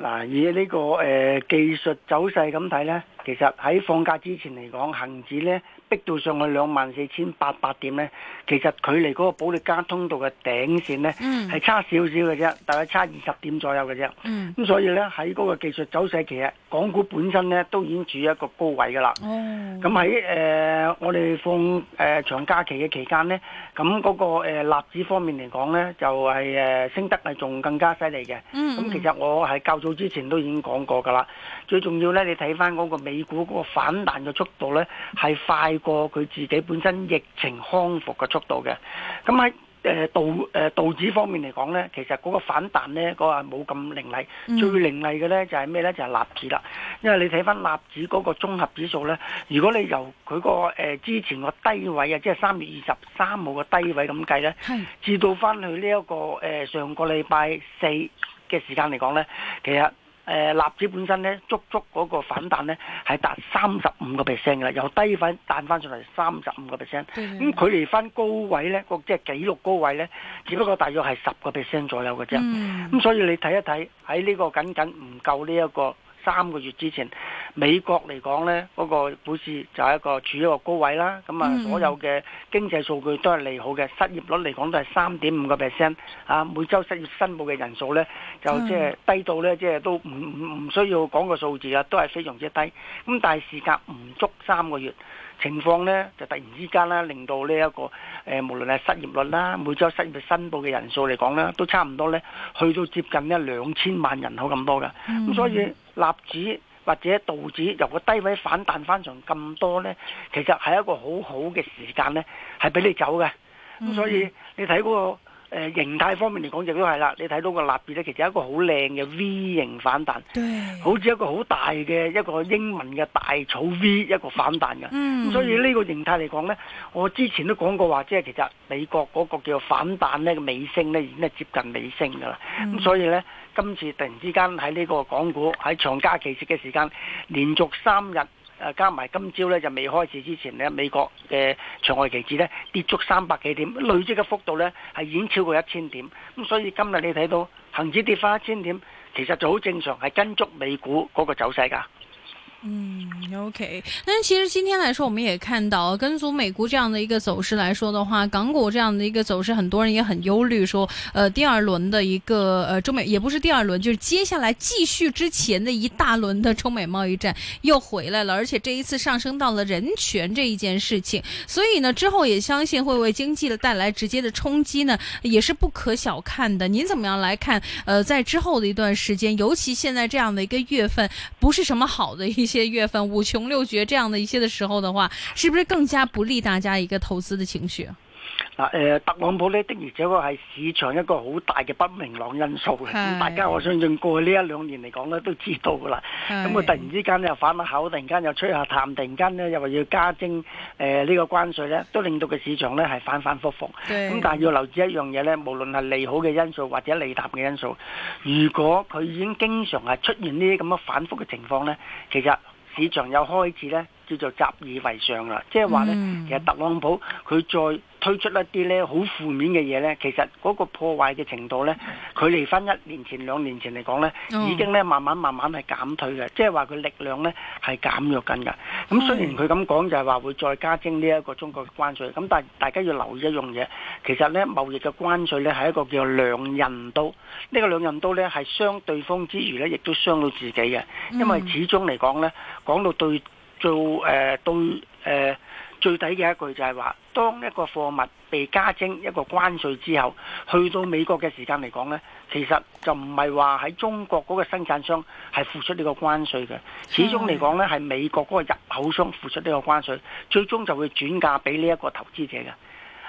嗱，以、這個呃、呢個誒技術走勢咁睇咧，其實喺放假之前嚟講，恒指咧。逼到上去兩萬四千八百點咧，其實距離嗰個保利加通道嘅頂線咧，係、嗯、差少少嘅啫，大概差二十點左右嘅啫。咁、嗯、所以咧喺嗰個技術走勢期啊，港股本身咧都已經處於一個高位噶啦。咁喺誒我哋放誒、呃、長假期嘅期間咧，咁嗰、那個誒、呃、納指方面嚟講咧，就係、是、誒、呃、升得係仲更加犀利嘅。咁、嗯嗯、其實我係較早之前都已經講過噶啦。最重要咧，你睇翻嗰個美股嗰個反彈嘅速度咧係快。過佢自己本身疫情康復嘅速度嘅，咁喺誒道誒、呃、道指方面嚟講咧，其實嗰個反彈咧，嗰、嗰個冇咁凌厲。嗯、最凌厲嘅咧就係咩咧？就係、是、納、就是、指啦，因為你睇翻納指嗰個綜合指數咧，如果你由佢個誒之前個低位啊，即係三月二十三號嘅低位咁計咧，至是到翻去呢、這、一個誒、呃、上個禮拜四嘅時間嚟講咧，其實。誒、呃，納指本身咧，足足嗰個反彈咧，係達三十五個 percent 嘅，由低反彈翻上嚟三十五個 percent。咁的、嗯嗯、距離翻高位咧，個即係紀錄高位咧，只不過大約係十個 percent 左右嘅啫。咁、嗯嗯、所以你睇一睇喺呢個僅僅唔夠呢一個。三個月之前，美國嚟講呢嗰、那個股市就係一個處於一個高位啦。咁啊、嗯，所有嘅經濟數據都係利好嘅，失業率嚟講都係三點五個 percent。啊，每週失業申報嘅人數呢，就即係低到呢，即、就、係、是、都唔唔唔需要講個數字啊，都係非常之低。咁但係時隔唔足三個月。情況咧就突然之間啦，令到呢、這、一個誒、呃，無論係失業率啦，每週失業率申報嘅人數嚟講咧，都差唔多咧，去到接近呢兩千萬人口咁多㗎。咁、嗯、所以納指或者道指由個低位反彈翻上咁多咧，其實係一個好好嘅時間咧，係俾你走嘅。咁、嗯、所以你睇嗰、那個。誒、呃，形態方面嚟講亦都係啦，你睇到個納指咧，其實一個好靚嘅 V 型反彈，對好似一個好大嘅一個英文嘅大草 V 一個反彈嘅。咁、嗯、所以呢個形態嚟講呢，我之前都講過話，即係其實美國嗰個叫做反彈呢，嘅尾聲呢已經係接近尾聲噶啦。咁、嗯、所以呢，今次突然之間喺呢個港股喺長假期節嘅時間，連續三日，加埋今朝呢就未開始之前呢，美國嘅場外期指呢跌足三百幾點，累積嘅幅度呢係已經超過一千點。咁所以今日你睇到恒指跌返一千點，其實就好正常，係跟足美股嗰個走勢㗎。嗯，OK，但是其實今天來說，我們也看到跟足美股這樣的一個走勢來說的話，港股這樣的一個走勢，很多人也很憂慮，說，呃，第二輪的一個，呃，中美，也不是第二輪，就是接下來繼續之前的一大輪的中美貿易戰又回來了，而且這一次上升到了人權這一件事情，所以呢，之後也相信會為經濟的帶來直接的衝擊呢，也是不可小看的。您怎麼樣來看？呃，在之後的一段時間，尤其現在這樣的一個月份，不是什麼好的一。些月份五窮六絕這樣的一些的時候的話，是不是更加不利大家一個投資的情緒？嗱誒、呃，特朗普咧的而且確係市場一個好大嘅不明朗因素嘅。是大家我相信過去呢一兩年嚟講咧，都知道㗎啦。咁佢是突然之間又反口，突然間又吹下淡，突然間咧又話要加徵誒呢、呃呢個關稅咧，都令到個市場咧係反反覆覆。咁對但係要留住一樣嘢咧，無論係利好嘅因素或者利淡嘅因素，如果佢已經經常係出現呢啲咁嘅反覆嘅情況咧，其實市場又開始咧叫做習以為常啦，即係話咧其實特朗普佢再推出一啲咧好負面嘅嘢咧，其實嗰個破壞嘅程度咧，佢離翻一年前兩年前嚟講咧，已經咧慢慢慢慢係減退嘅，即係話佢力量咧係減弱緊㗎。咁雖然佢咁講就係話會再加徵呢一個中國關稅，咁但係大家要留意一樣嘢，其實咧貿易嘅關稅咧係一個叫做兩刃刀。這個、刀呢個兩刃刀咧係傷對方之餘咧，亦都傷到自己嘅，因為始終嚟講咧，講到對做誒、呃、對誒。呃最底嘅一句就係話，當一個貨物被加徵一個關稅之後，去到美國嘅時間嚟講呢，其實就唔係話喺中國嗰個生產商係付出呢個關稅嘅，始終嚟講呢係美國嗰個入口商付出呢個關稅，最終就會轉嫁俾呢一個投資者嘅。誒誒、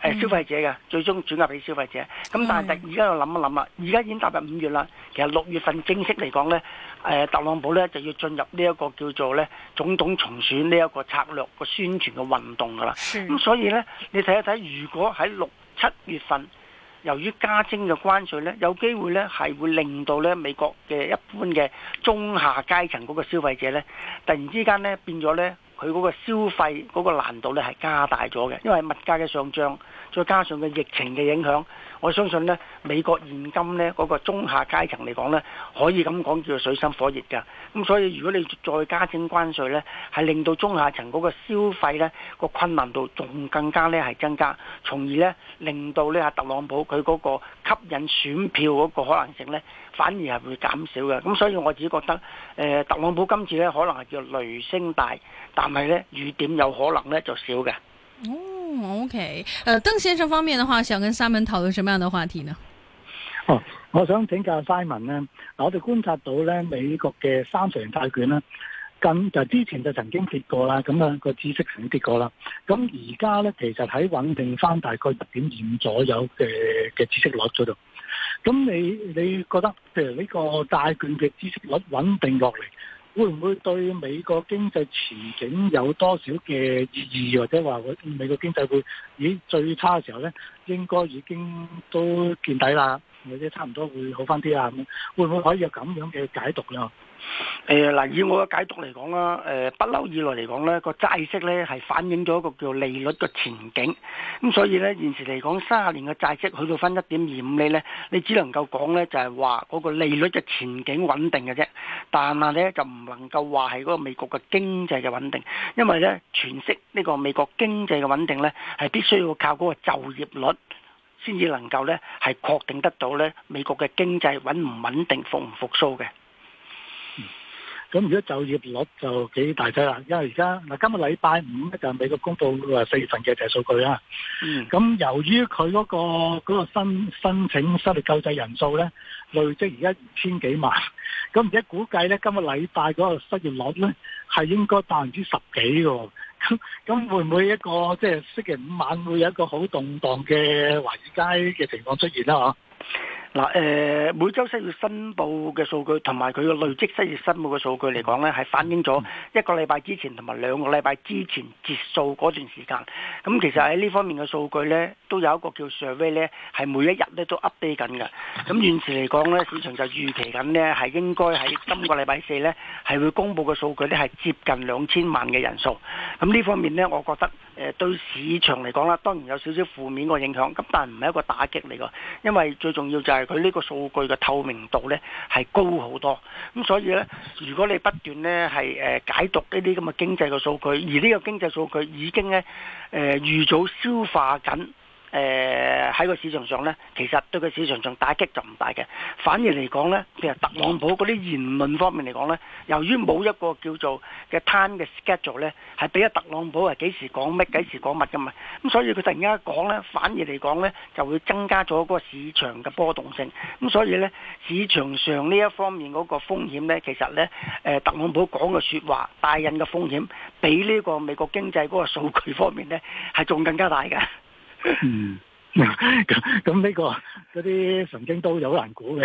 嗯、消費者嘅，最終轉嫁俾消費者。咁但係突然間又諗一諗啦，而家已經踏入五月啦，其實六月份正式嚟講呢，誒特朗普呢就要進入呢一個叫做呢總統重選呢一個策略個宣傳嘅運動㗎啦。咁是所以呢，你睇一睇，如果喺六七月份，由於加徵嘅關稅呢，有機會呢係會令到呢美國嘅一般嘅中下階層嗰個消費者呢，突然之間呢變咗呢。佢嗰個消費嗰個難度咧係加大咗嘅，因為物價嘅上漲，再加上個疫情嘅影響。我相信呢，美國現今呢嗰個中下階層嚟講呢，可以咁講叫做水深火熱㗎。咁所以如果你再加徵關稅呢，係令到中下層嗰個消費呢個困難度仲更加呢係增加，從而呢令到呢阿特朗普佢嗰個吸引選票嗰個可能性呢，反而係會減少嘅。咁所以我自己覺得，呃，特朗普今次呢可能係叫雷聲大，但係呢雨點有可能呢就少嘅。Mm. O K，誒，鄧、okay. 呃、先生方面嘅話，想跟 Simon 討論什麼樣嘅話題呢？哦，我想請教 Simon 咧、啊，嗱，我哋觀察到咧，美國嘅三十年債券咧，咁、啊、就之前就曾經跌過啦，咁、啊、樣、這個孳息率跌過啦，咁而家咧其實喺穩定翻大概一點二五左右嘅嘅孳息率度，咁、啊、你你覺得譬如呢個債券嘅孳息率穩定落嚟？會唔會對美國經濟前景有多少嘅意義，或者話美國經濟會最差嘅時候咧，應該已經都見底啦？你啲差唔多會好翻啲啊？會唔會可以有咁樣嘅解讀咧？誒嗱，以我嘅解讀嚟講啦，誒不嬲以來嚟講咧，個債息咧係反映咗一個叫利率嘅前景。咁所以咧，現時嚟講，三十年嘅債息去到翻一點二五厘咧，你只能夠講咧就係話嗰個利率嘅前景穩定嘅啫。但係咧就唔能夠話係嗰個美國嘅經濟嘅穩定，因為咧，全息呢個美國經濟嘅穩定咧係必須要靠嗰個就業率。先至能夠咧，係確定得到咧美國嘅經濟穩唔穩定、復唔復甦嘅咁而家就業率就幾大劑啦，因為而家嗱，今個禮拜五就美國公佈誒四月份嘅就數據啦。咁由於佢嗰個嗰個申申請失業救濟人數咧累積而家一千幾萬，咁而家估計咧今個禮拜嗰個失業率咧係應該百分之十幾嘅。咁會唔會一個即係星期五晚會有一個好動盪嘅華爾街嘅情況出現啦？嗬？嗱，誒，每週失業申報嘅數據，同埋佢嘅累積失業申報嘅數據嚟講咧，係反映咗一個禮拜之前同埋兩個禮拜之前截數嗰段時間。咁其實喺呢方面嘅數據咧，都有一個叫 survey 咧，係每一日咧都 update 緊嘅。咁現時嚟講咧，市場就預期緊咧，係應該喺今個禮拜四咧，係會公布嘅數據咧，係接近兩千萬嘅人數。咁呢方面咧，我覺得。誒對市場嚟講啦，當然有少少負面嘅影響，咁但係唔係一個打擊嚟㗎，因為最重要就係佢呢個數據嘅透明度呢係高好多，咁所以呢，如果你不斷呢係誒解讀呢啲咁嘅經濟嘅數據，而呢個經濟數據已經呢誒預早消化緊。誒喺、呃、個市場上呢，其實對個市場上打擊就唔大嘅，反而嚟講呢，譬如特朗普嗰啲言論方面嚟講呢，由於冇一個叫做嘅 time 嘅 schedule 呢，係俾咗特朗普係幾時講乜幾時講乜㗎嘛，咁、嗯、所以佢突然間講呢，反而嚟講呢，就會增加咗嗰個市場嘅波動性，咁、嗯、所以呢，市場上呢一方面嗰個風險呢，其實呢，呃、特朗普講嘅説話帶引嘅風險，比呢個美國經濟嗰個數據方面呢，係仲更加大嘅。嗯，咁咁呢個嗰啲，神經都有難估嘅，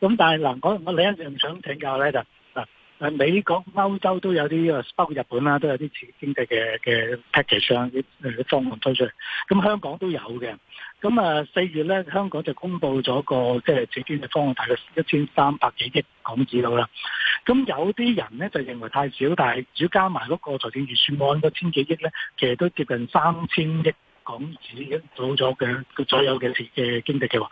咁但係嗱，我我另一樣想請教咧，就。誒美國、歐洲都有啲，包括日本啦，都有啲刺激經濟嘅嘅 package 上啲誒方案推出嚟。咁香港都有嘅。咁啊四月咧，香港就公布咗個即係刺激經濟方案，大概一千三百幾億港紙度啦。咁有啲人咧就認為太少，但係如果加埋嗰、那個財政預算案嗰千幾億咧，其實都接近三千億港紙到咗嘅嘅左右嘅嘅經濟計劃。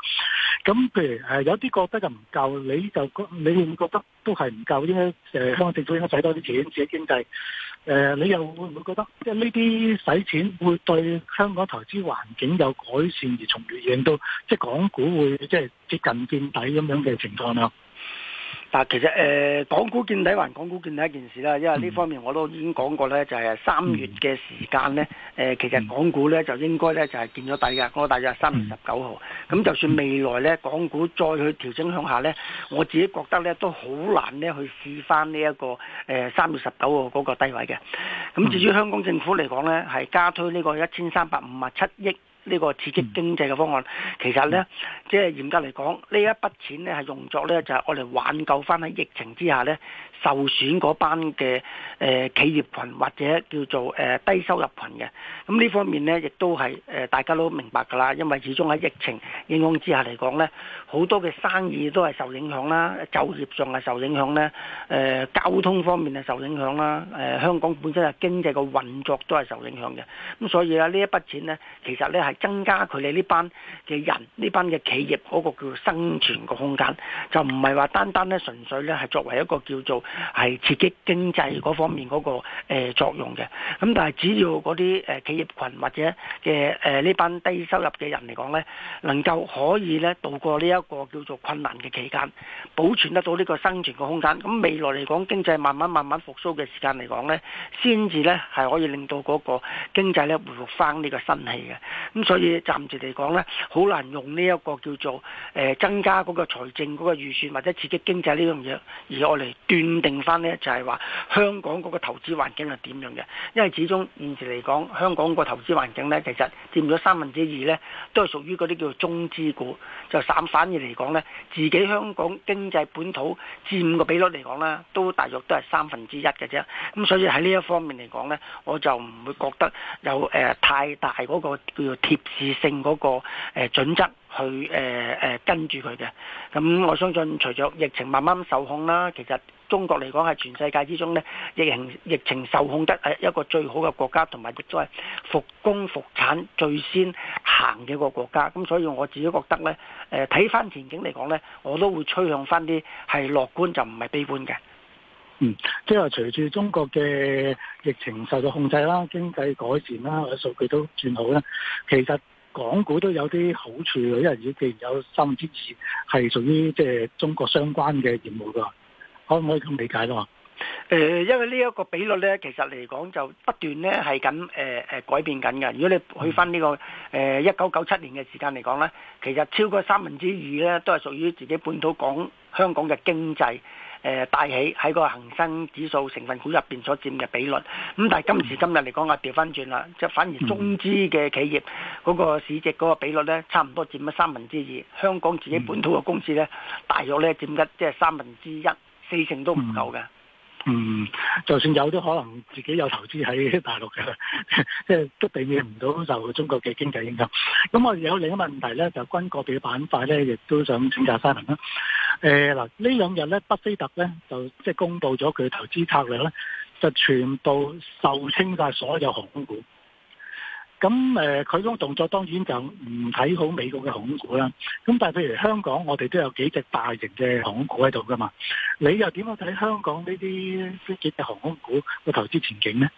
咁譬如誒、呃，有啲覺得就唔夠，你就你會唔會覺得都係唔夠？應該誒、呃，香港政府應該使多啲錢，刺激經濟。誒、呃，你又會唔會覺得即係呢啲使錢會對香港投資環境有改善而從而令到即係港股會即係接近見底咁樣嘅情況呢？但其實誒、呃，港股見底還港股見底一件事啦，因為呢方面我都已經講過呢，嗯、就係三月嘅時間呢。誒、嗯呃、其實港股呢，就應該呢，就係見咗底嘅，嗰個大約三月十九號。咁、嗯、就算未來呢，港股再去調整向下呢，我自己覺得呢，都好難呢去試翻呢一個誒三、呃、月十九號嗰個低位嘅。咁、嗯嗯、至於香港政府嚟講呢，係加推呢個一千三百五十七億。呢個刺激經濟嘅方案，其實咧，即係嚴格嚟講，呢一筆錢咧，係用作咧，就係我哋挽救翻喺疫情之下咧。受損嗰班嘅誒企業群或者叫做誒低收入群嘅，咁呢方面呢，亦都係誒大家都明白㗎啦，因為始終喺疫情影響之下嚟講呢好多嘅生意都係受影響啦，就業上係受影響啦，誒交通方面係受影響啦，誒香港本身嘅經濟個運作都係受影響嘅，咁所以啊呢一筆錢呢，其實呢係增加佢哋呢班嘅人呢班嘅企業嗰個叫生存個空間，就唔係話單單呢，純粹呢係作為一個叫做。係刺激經濟嗰方面嗰個作用嘅。咁但係只要嗰啲誒企業群或者嘅誒呢班低收入嘅人嚟講呢能夠可以呢度過呢一個叫做困難嘅期間，保存得到呢個生存嘅空間，咁、嗯、未來嚟講經濟慢慢慢慢復甦嘅時間嚟講呢先至呢係可以令到嗰個經濟咧回復返呢個新氣嘅。咁所以暫時嚟講呢，好難用呢一個叫做誒、呃、增加嗰個財政嗰個預算或者刺激經濟呢樣嘢，而我嚟斷定翻呢，就係、是、話香港嗰個投資環境係點樣嘅？因為始終現時嚟講，香港個投資環境呢，其實占咗三分之二呢，都係屬於嗰啲叫做中資股。就散反而嚟講呢，自己香港經濟本土占個比率嚟講呢，都大約都係三分之一嘅啫。咁所以喺呢一方面嚟講呢，我就唔會覺得有誒、呃、太大嗰個叫做。貼市性嗰個誒準則去誒誒、呃呃、跟住佢嘅，咁我相信隨著疫情慢慢受控啦，其實中國嚟講係全世界之中呢，疫情疫情受控得係一個最好嘅國家，同埋亦都係復工復產最先行嘅一個國家。咁所以我自己覺得呢，誒睇翻前景嚟講呢，我都會趨向翻啲係樂觀就唔係悲觀嘅。嗯，即係隨住中國嘅疫情受到控制啦，經濟改善啦，或者數據都轉好啦。其實港股都有啲好處嘅，因為如果既然有三分之二係屬於即係中國相關嘅業務噶，可唔可以咁理解咯？誒，因為呢一個比率咧，其實嚟講就不斷咧係緊誒誒改變緊嘅。如果你去翻呢個誒一九九七年嘅時間嚟講咧，其實超過三分之二咧都係屬於自己本土港香港嘅經濟。誒帶起喺個恒生指數成分股入邊所佔嘅比率，咁但係今時今日嚟講啊，調翻轉啦，即反，反而中資嘅企業嗰、嗰個市值嗰個比率咧，差唔多佔咗三分之二，香港自己本土嘅公司咧，大約咧佔得即係三分之一，四成都唔夠嘅。嗯嗯，就算有都可能自己有投資喺大陸嘅，即係都避免唔到受中國嘅經濟影響。咁我有另一問題咧，就軍國別嘅板塊咧，亦都想請教三民啦。誒、呃、嗱，兩呢兩日咧，巴菲特咧就即係公布咗佢投資策略咧，就全部售清晒所有航空股。咁誒，佢嗰個動作當然就唔睇好美國嘅航空股啦。咁但係譬如香港，我哋都有幾隻大型嘅航空股喺度㗎嘛。你又點去睇香港呢啲呢幾隻航空股嘅投資前景呢？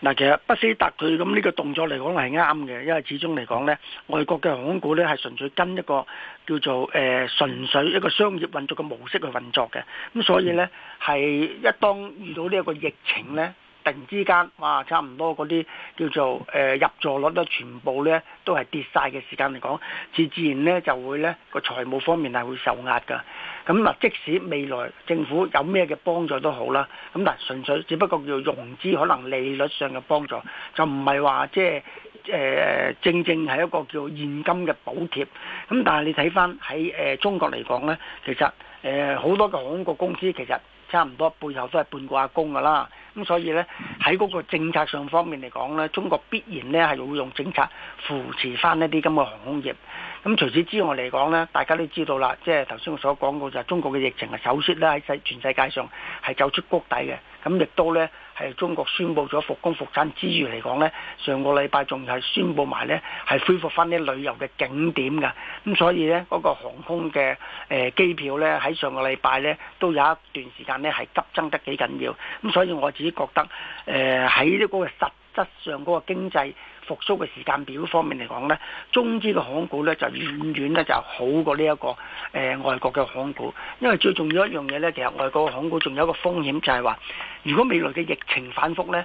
嗱，其實不思達佢咁呢個動作嚟講係啱嘅，因為始終嚟講呢，外國嘅航空股呢係純粹跟一個叫做誒、呃、純粹一個商業運作嘅模式去運作嘅。咁所以呢，係、嗯、一當遇到呢一個疫情呢。突然之間，哇！差唔多嗰啲叫做誒、呃、入座率都全部咧都係跌晒嘅時間嚟講，自自然咧就會咧個財務方面係會受壓㗎。咁、嗯、啊，即使未來政府有咩嘅幫助都好啦，咁、嗯、但純粹只不過叫融資，可能利率上嘅幫助就唔係話即係誒正正係一個叫現金嘅補貼。咁、嗯、但係你睇翻喺誒中國嚟講咧，其實誒、呃、好多嘅航空公司其實差唔多背後都係半個阿公㗎啦。咁所以呢，喺嗰個政策上方面嚟講呢，中國必然呢係會用政策扶持翻一啲咁嘅航空業。咁除此之外嚟講呢，大家都知道啦，即係頭先我所講過就係中國嘅疫情係首先呢，喺世全世界上係走出谷底嘅，咁亦都呢。中國宣布咗復工復產之餘嚟講，呢上個禮拜仲係宣布埋呢係恢復翻啲旅遊嘅景點嘅，咁所以呢，嗰個航空嘅誒機票呢，喺上個禮拜呢都有一段時間呢係急增得幾緊要，咁所以我自己覺得誒喺呢個實質上嗰個經濟復甦嘅時間表方面嚟講呢，中資嘅航空股呢就遠遠呢就好過呢、這、一個誒、呃、外國嘅航空股，因為最重要一樣嘢呢，其實外國嘅航空股仲有一個風險就，就係話如果未來嘅疫情反覆呢，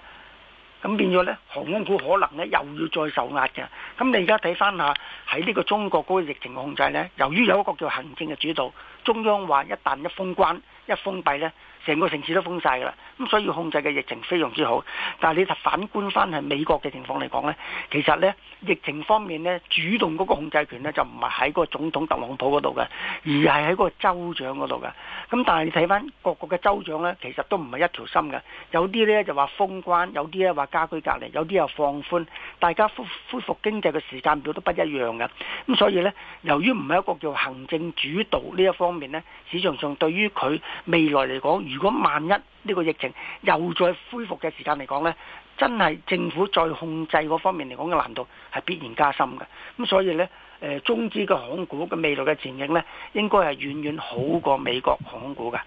咁變咗呢航空股可能呢又要再受壓嘅。咁你而家睇翻下喺呢個中國嗰個疫情控制呢，由於有一個叫行政嘅主導，中央話一旦一封關一封閉呢。成個城市都封晒㗎啦，咁所以控制嘅疫情非常之好。但係你就反觀翻係美國嘅情況嚟講呢，其實呢疫情方面呢，主動嗰個控制權呢，就唔係喺嗰個總統特朗普嗰度嘅，而係喺嗰個州長嗰度嘅。咁但係你睇翻各國嘅州長呢，其實都唔係一條心嘅。有啲呢就話封關，有啲呢話家居隔離，有啲又放寬。大家恢恢復經濟嘅時間表都不一樣嘅。咁所以呢，由於唔係一個叫行政主導呢一方面呢，市場上對於佢未來嚟講，如果萬一呢個疫情又再恢復嘅時間嚟講咧，真係政府再控制嗰方面嚟講嘅難度係必然加深嘅。咁所以咧，誒中資嘅航空股嘅未來嘅前景咧，應該係遠遠好過美國航空股嘅。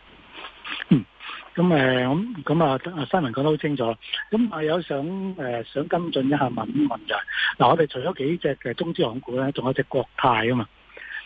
嗯，咁誒，咁咁啊，新聞講得好清楚。咁啊，有想誒想跟進一下問一問就係，嗱，我哋除咗幾隻嘅中資航空股咧，仲有隻國泰啊嘛。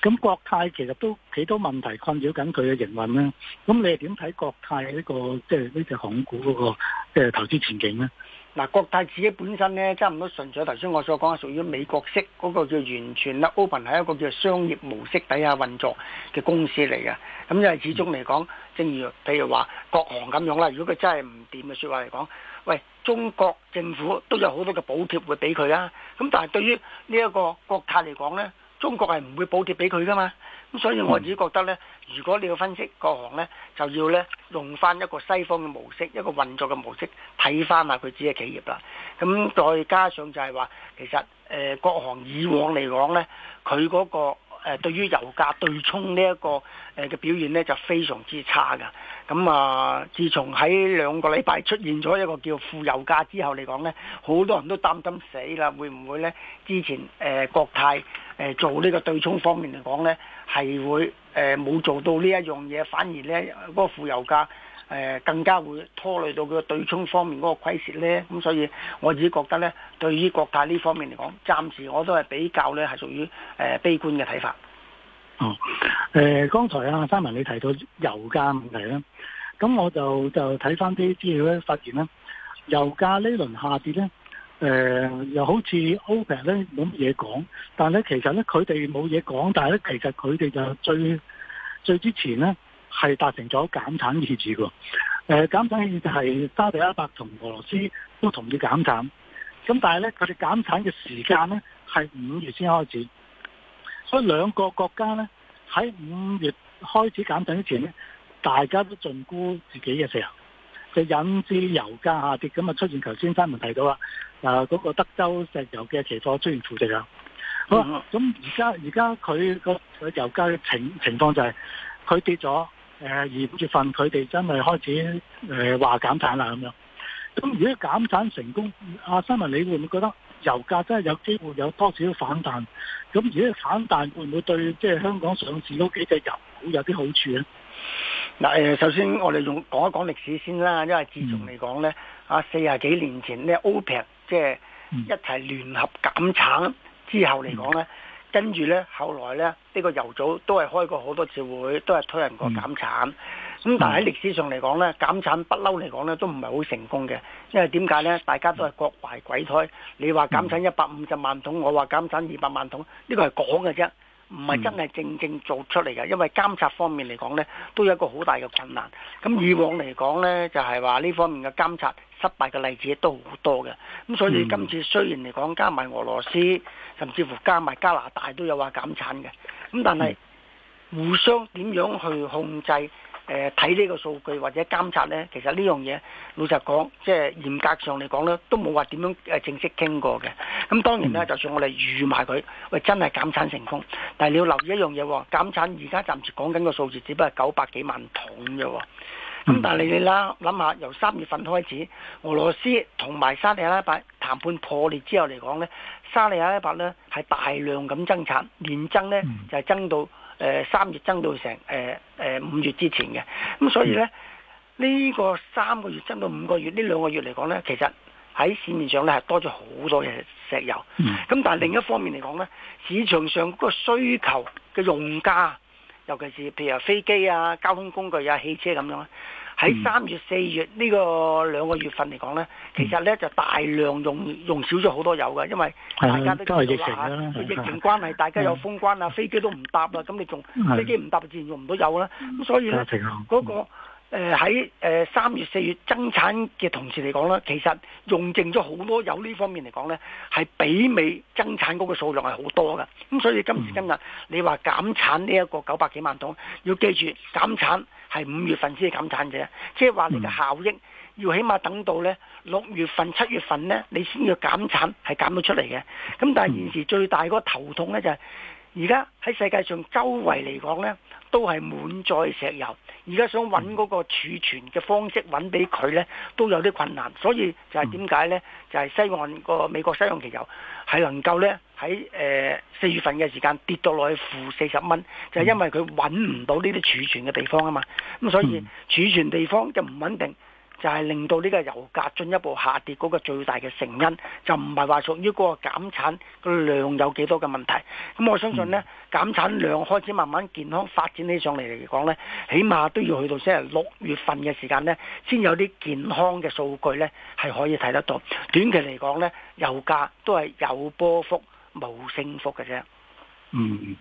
咁國泰其實都幾多問題困擾緊佢嘅營運咧，咁你係點睇國泰呢個即係呢隻航股嗰個即係投資前景咧？嗱，國泰自己本身咧，差唔多順在頭先我所講，屬於美國式嗰個叫完全啦，open 係一個叫商業模式底下運作嘅公司嚟嘅。咁因為始終嚟講，正如譬如話國航咁樣啦，如果佢真係唔掂嘅説話嚟講，喂，中國政府都有好多嘅補貼會俾佢啦。咁但係對於呢一個國泰嚟講咧。中國係唔會補貼俾佢噶嘛，咁所以我自己覺得呢，如果你要分析國航呢，就要呢用翻一個西方嘅模式，一個運作嘅模式睇翻埋佢自己嘅企業啦。咁再加上就係話，其實誒國航以往嚟講呢，佢嗰、那個誒、呃、對於油價對沖呢一個誒嘅、呃、表現呢，就非常之差嘅。咁啊、呃，自從喺兩個禮拜出現咗一個叫負油價之後嚟講呢，好多人都擔心死啦，會唔會呢？之前誒、呃、國泰？誒，做呢個對沖方面嚟講呢，係會誒冇、呃、做到呢一樣嘢，反而呢嗰、那個負油價誒、呃、更加會拖累到佢個對沖方面嗰個虧蝕咧。咁、嗯、所以我自己覺得呢，對於國泰呢方面嚟講，暫時我都係比較呢係屬於誒悲觀嘅睇法。哦，誒、呃、剛才啊，三文你提到油價問題啦，咁我就就睇翻啲資料咧，發現咧油價呢輪下跌呢。誒、呃、又好似 OPEC 咧冇乜嘢講，但咧其實咧佢哋冇嘢講，但係咧其實佢哋就最最之前咧係達成咗減產協議嘅。誒、呃、減產協議就係沙特阿伯同俄羅斯都同意減產，咁但係咧佢哋減產嘅時間咧係五月先開始，所以兩個國家咧喺五月開始減產之前咧，大家都盡估自己嘅石油，就引致油價下跌，咁啊出現頭先 Simon 提到啦。啊！嗰、那個德州石油嘅期貨出現負值啊！好，咁而家而家佢個佢油價嘅情情況就係佢跌咗。誒二五月份佢哋真係開始誒話、呃、減產啦咁樣。咁如果減產成功，阿、啊、新文，你會唔會覺得油價真係有機會有多少反彈？咁如果反彈會唔會對即係、就是、香港上市嗰幾隻油股有啲好處咧？嗱誒，首先我哋用講一講歷史先啦，因為自從嚟講咧，啊四廿幾年前咧，OPEC 即係一齊聯合減產之後嚟講呢、嗯、跟住呢後來呢，呢、呢個油組都係開過好多次會，都係推人過減產。咁、嗯、但係喺歷史上嚟講呢，減產來來呢不嬲嚟講呢都唔係好成功嘅，因為點解呢？大家都係各懷鬼胎。你話減產一百五十萬桶，我話減產二百萬桶，呢個係講嘅啫，唔係真係正正做出嚟嘅。嗯、因為監察方面嚟講呢都有一個好大嘅困難。咁以往嚟講呢就係話呢方面嘅監察。失敗嘅例子都好多嘅，咁所以今次雖然嚟講加埋俄羅斯，甚至乎加埋加拿大都有話減產嘅，咁但係互相點樣去控制？誒睇呢個數據或者監察呢？其實呢樣嘢，老實講，即係嚴格上嚟講咧，都冇話點樣誒正式傾過嘅。咁當然咧，嗯、就算我哋預埋佢，喂真係減產成功，但係你要留意一樣嘢喎，減產而家暫時講緊個數字，只不過九百幾萬桶啫喎。咁、嗯、但係你哋諗諗下，由三月份開始，俄羅斯同埋沙地阿拉伯談判破裂之後嚟講呢，沙地阿拉伯呢係大量咁增產，年增呢就係、是、增到誒三、呃、月增到成誒誒五月之前嘅。咁所以呢，呢、嗯、個三個月增到五個月呢兩個月嚟講呢，其實喺市面上呢係多咗好多嘅石油。咁、嗯、但係另一方面嚟講呢，市場上嗰個需求嘅用價。尤其是譬如話飛機啊、交通工具啊、汽車咁樣，喺三月四月呢個兩個月份嚟講咧，其實咧就大量用用少咗好多油㗎，因為大家都知道、嗯疫，啊、疫情關係，嗯、大家有封關啊，飛機都唔搭啦，咁、嗯、你仲飛機唔搭自然用唔到油啦，咁、嗯、所以咧嗰個。嗯嗯誒喺誒三月四月增產嘅同時嚟講啦，其實用剩咗好多，有呢方面嚟講咧，係比美增產嗰個數量係好多嘅。咁所以今時今日你話減產呢一個九百幾萬桶，要記住減產係五月份先減產嘅，即係話你嘅效益要起碼等到咧六月份、七月份咧，你先要減產係減到出嚟嘅。咁但係現時最大嗰個頭痛咧就係而家喺世界上周圍嚟講咧。都係滿載石油，而家想揾嗰個儲存嘅方式揾俾佢呢，都有啲困難。所以就係點解呢？就係西岸個美國西岸期油係能夠呢，喺誒四月份嘅時間跌到落去負四十蚊，就係因為佢揾唔到呢啲儲存嘅地方啊嘛。咁所以儲存地方就唔穩定。就係令到呢個油價進一步下跌嗰個最大嘅成因，就唔係話屬於嗰個減產量有幾多嘅問題。咁我相信呢、嗯、減產量開始慢慢健康發展起上嚟嚟講呢，起碼都要去到即係六月份嘅時間呢，先有啲健康嘅數據呢係可以睇得到。短期嚟講呢，油價都係有波幅冇升幅嘅啫。嗯，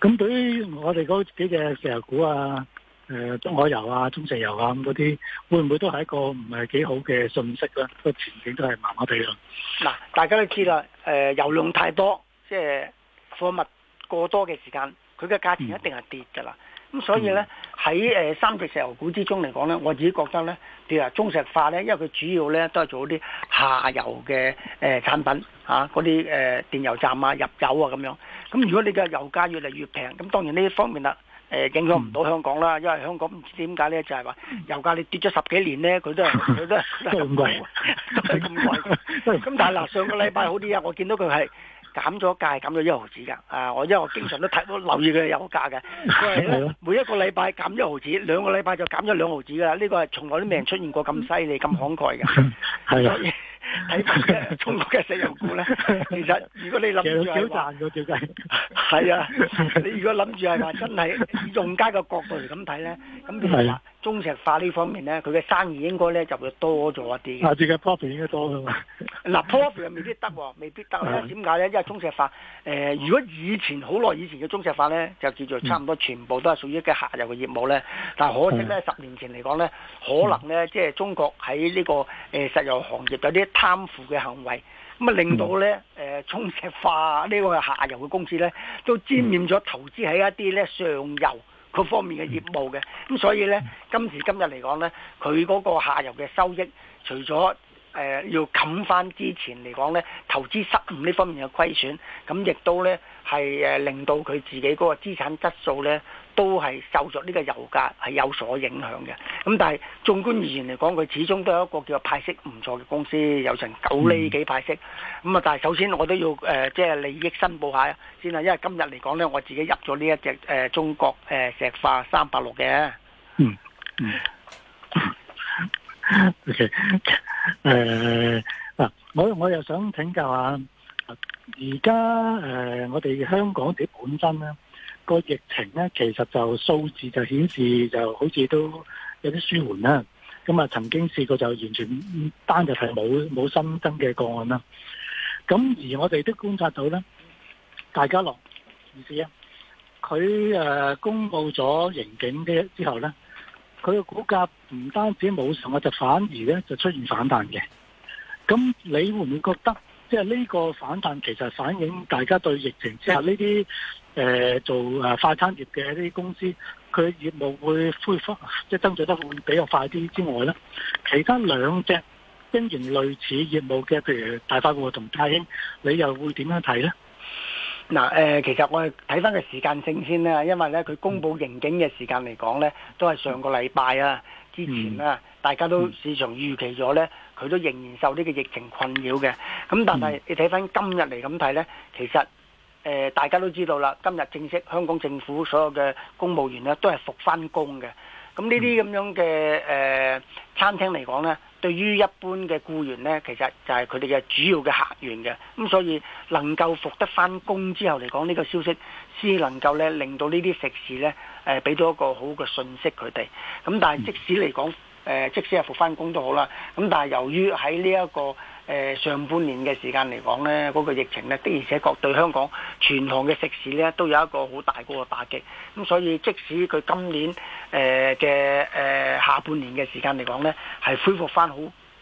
咁對於我哋嗰幾隻石油股啊。誒、呃、中海油啊、中石油啊咁嗰啲，會唔會都係一個唔係幾好嘅信息咧、啊？個前景都係麻麻地咯。嗱，大家都知啦，誒、呃、油量太多，即係貨物過多嘅時間，佢嘅價錢一定係跌㗎啦。咁、嗯、所以咧，喺誒、呃、三隻石油股之中嚟講咧，我自己覺得咧，譬如話中石化咧，因為佢主要咧都係做啲下游嘅誒產品啊，嗰啲誒電油站啊、入油啊咁樣。咁如果你嘅油價越嚟越平，咁當然呢一方面啦。誒、嗯、影響唔到香港啦，因為香港唔知點解咧，就係、是、話油價你跌咗十幾年咧，佢都係佢 都係咁貴，咁貴。咁 但係嗱，上個禮拜好啲啊，我見到佢係減咗價，係減咗一毫子㗎。啊，我因為我經常都睇到留意佢油價嘅，因為 每一個禮拜減一毫子，兩個禮拜就減咗兩毫子㗎啦。呢、這個係從來都未人出現過咁犀利、咁 慷慨㗎。係啊。睇翻 中國嘅石油股咧，其實如果你諗住係話，少賺嘅，最緊係啊！ 你如果諗住係話真係用家嘅角度嚟咁睇咧，咁譬如話中石化呢方面咧，佢嘅生意應該咧就會多咗一啲嘅。係啊，嘅、這個、profit 應該多嘅嘛。嗱、 啊、profit 未必得，未必得咧。點解咧？因為中石化誒、呃，如果以前好耐以前嘅中石化咧，就叫做差唔多全部都係屬於一啲下游嘅業務咧。但係可惜咧，嗯嗯、十年前嚟講咧，可能咧即係中國喺呢個誒石油行業有啲。貪腐嘅行為，咁啊令到呢誒，中、呃、石化呢個下游嘅公司呢，都沾染咗投資喺一啲呢上游嗰方面嘅業務嘅，咁所以呢，今時今日嚟講呢，佢嗰個下游嘅收益，除咗誒、呃、要冚翻之前嚟講呢投資失誤呢方面嘅虧損，咁亦都呢係誒令到佢自己嗰個資產質素呢，都係受咗呢個油價係有所影響嘅，咁但係縱觀而言嚟講，佢始終都有一個叫做派息唔錯嘅公司，有成九厘幾派息。咁啊、嗯，但係首先我都要誒，即、呃、係、就是、利益申報下先啦，因為今日嚟講呢，我自己入咗呢一隻誒、呃、中國誒、呃、石化三百六嘅、嗯。嗯嗯。O K，誒嗱，我我又想請教下，而家誒我哋香港地本身呢。個疫情咧，其實就數字就顯示就好似都有啲舒緩啦。咁、嗯、啊，曾經試過就完全單日係冇冇新增嘅個案啦。咁、嗯、而我哋都觀察到咧，大家樂意思啊，佢誒、呃、公布咗盈警嘅之後咧，佢嘅股價唔單止冇上，我就反而咧就出現反彈嘅。咁你會唔會覺得，即係呢個反彈其實反映大家對疫情之後呢啲？嗯誒做誒快餐業嘅啲公司，佢業務會恢復，即係增長得會比較快啲之外咧，其他兩隻經營類似業務嘅，譬如大快活同太興，你又會點樣睇咧？嗱誒，其實我哋睇翻個時間性先啦，因為咧佢公佈盈警嘅時間嚟講咧，都係上個禮拜啊之前啦，嗯、大家都市場預期咗咧，佢、嗯、都仍然受呢個疫情困擾嘅。咁但係你睇翻今日嚟咁睇咧，其實。誒、呃、大家都知道啦，今日正式香港政府所有嘅公務員呢都係復翻工嘅。咁呢啲咁樣嘅誒、呃、餐廳嚟講呢，對於一般嘅僱員呢，其實就係佢哋嘅主要嘅客源嘅。咁所以能夠復得翻工之後嚟講，呢個消息先能夠呢令到呢啲食肆呢誒俾到一個好嘅信息佢哋。咁但係即使嚟講誒，即使係復翻工都好啦。咁但係由於喺呢一個呃、上半年嘅時間嚟講呢，嗰、嗰個疫情呢的而且確對香港全行嘅食肆呢都有一個好大個打擊。咁所以即使佢今年嘅、呃呃、下半年嘅時間嚟講呢係恢復翻好。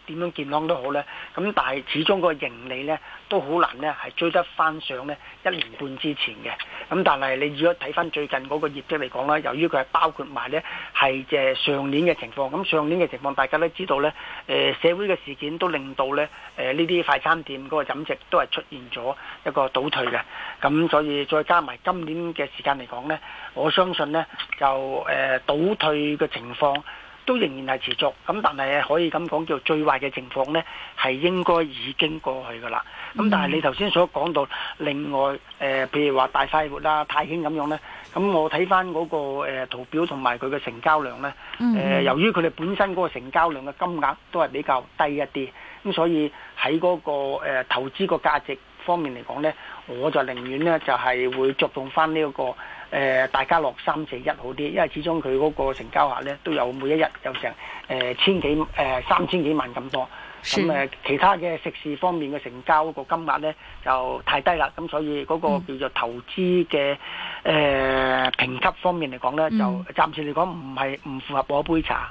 點樣健康都好呢？咁但係始終個盈利呢，都好難呢，係追得翻上呢一年半之前嘅，咁但係你如果睇翻最近嗰個業績嚟講啦，由於佢係包括埋呢係即上年嘅情況，咁上年嘅情況大家都知道呢，誒社會嘅事件都令到呢誒呢啲快餐店嗰個飲食都係出現咗一個倒退嘅，咁所以再加埋今年嘅時間嚟講呢，我相信呢就誒倒退嘅情況。都仍然係持續，咁但係可以咁講，叫做最壞嘅情況呢係應該已經過去噶啦。咁但係你頭先所講到另外誒、呃，譬如話大細活大快活啦、啊、泰興咁樣呢，咁我睇翻嗰個誒圖表同埋佢嘅成交量呢，誒、呃、由於佢哋本身嗰個成交量嘅金額都係比較低一啲，咁所以喺嗰、那個、呃、投資個價值。方面嚟講呢，我就寧願呢，就係會着重翻呢一個、呃、大家樂三四一好啲，因為始終佢嗰個成交額呢，都有每一日有成誒、呃、千幾誒、呃、三千幾萬咁多，咁誒的其他嘅食肆方面嘅成交、個金額呢，就太低啦，咁所以嗰個叫做投資嘅誒評級方面嚟講呢，嗯、就暫時嚟講唔係唔符合我杯茶。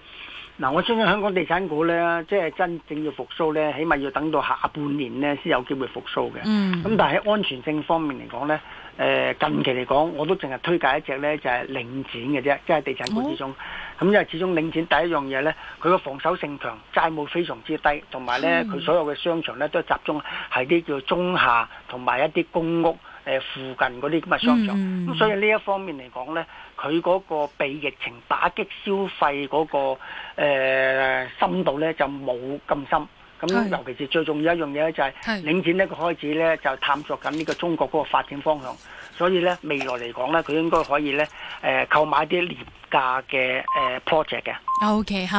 嗱、啊，我相信香港地產股咧，即係真正要復甦咧，起碼要等到下半年咧先有機會復甦嘅。咁、mm hmm. 但係喺安全性方面嚟講咧，誒、呃、近期嚟講，我都淨係推介一隻咧，就係、是、領展嘅啫，即係地產股之中。咁因為始終領展第一樣嘢咧，佢個防守性強，債務非常之低，同埋咧佢所有嘅商場咧都集中喺啲叫中下同埋一啲公屋誒、呃、附近嗰啲咁嘅商場。咁所以呢一方面嚟講咧。Hmm. Mm hmm. 佢個被疫情打擊消費，嗰個誒、呃、深度咧就冇咁深，咁、嗯、的尤其是最重要一樣嘢咧就係、是，的領展咧佢開始咧就探索緊呢個中國個發展方向，所以咧未來嚟講咧佢應該可以咧誒購買啲廉價嘅誒 project 嘅。OK，好。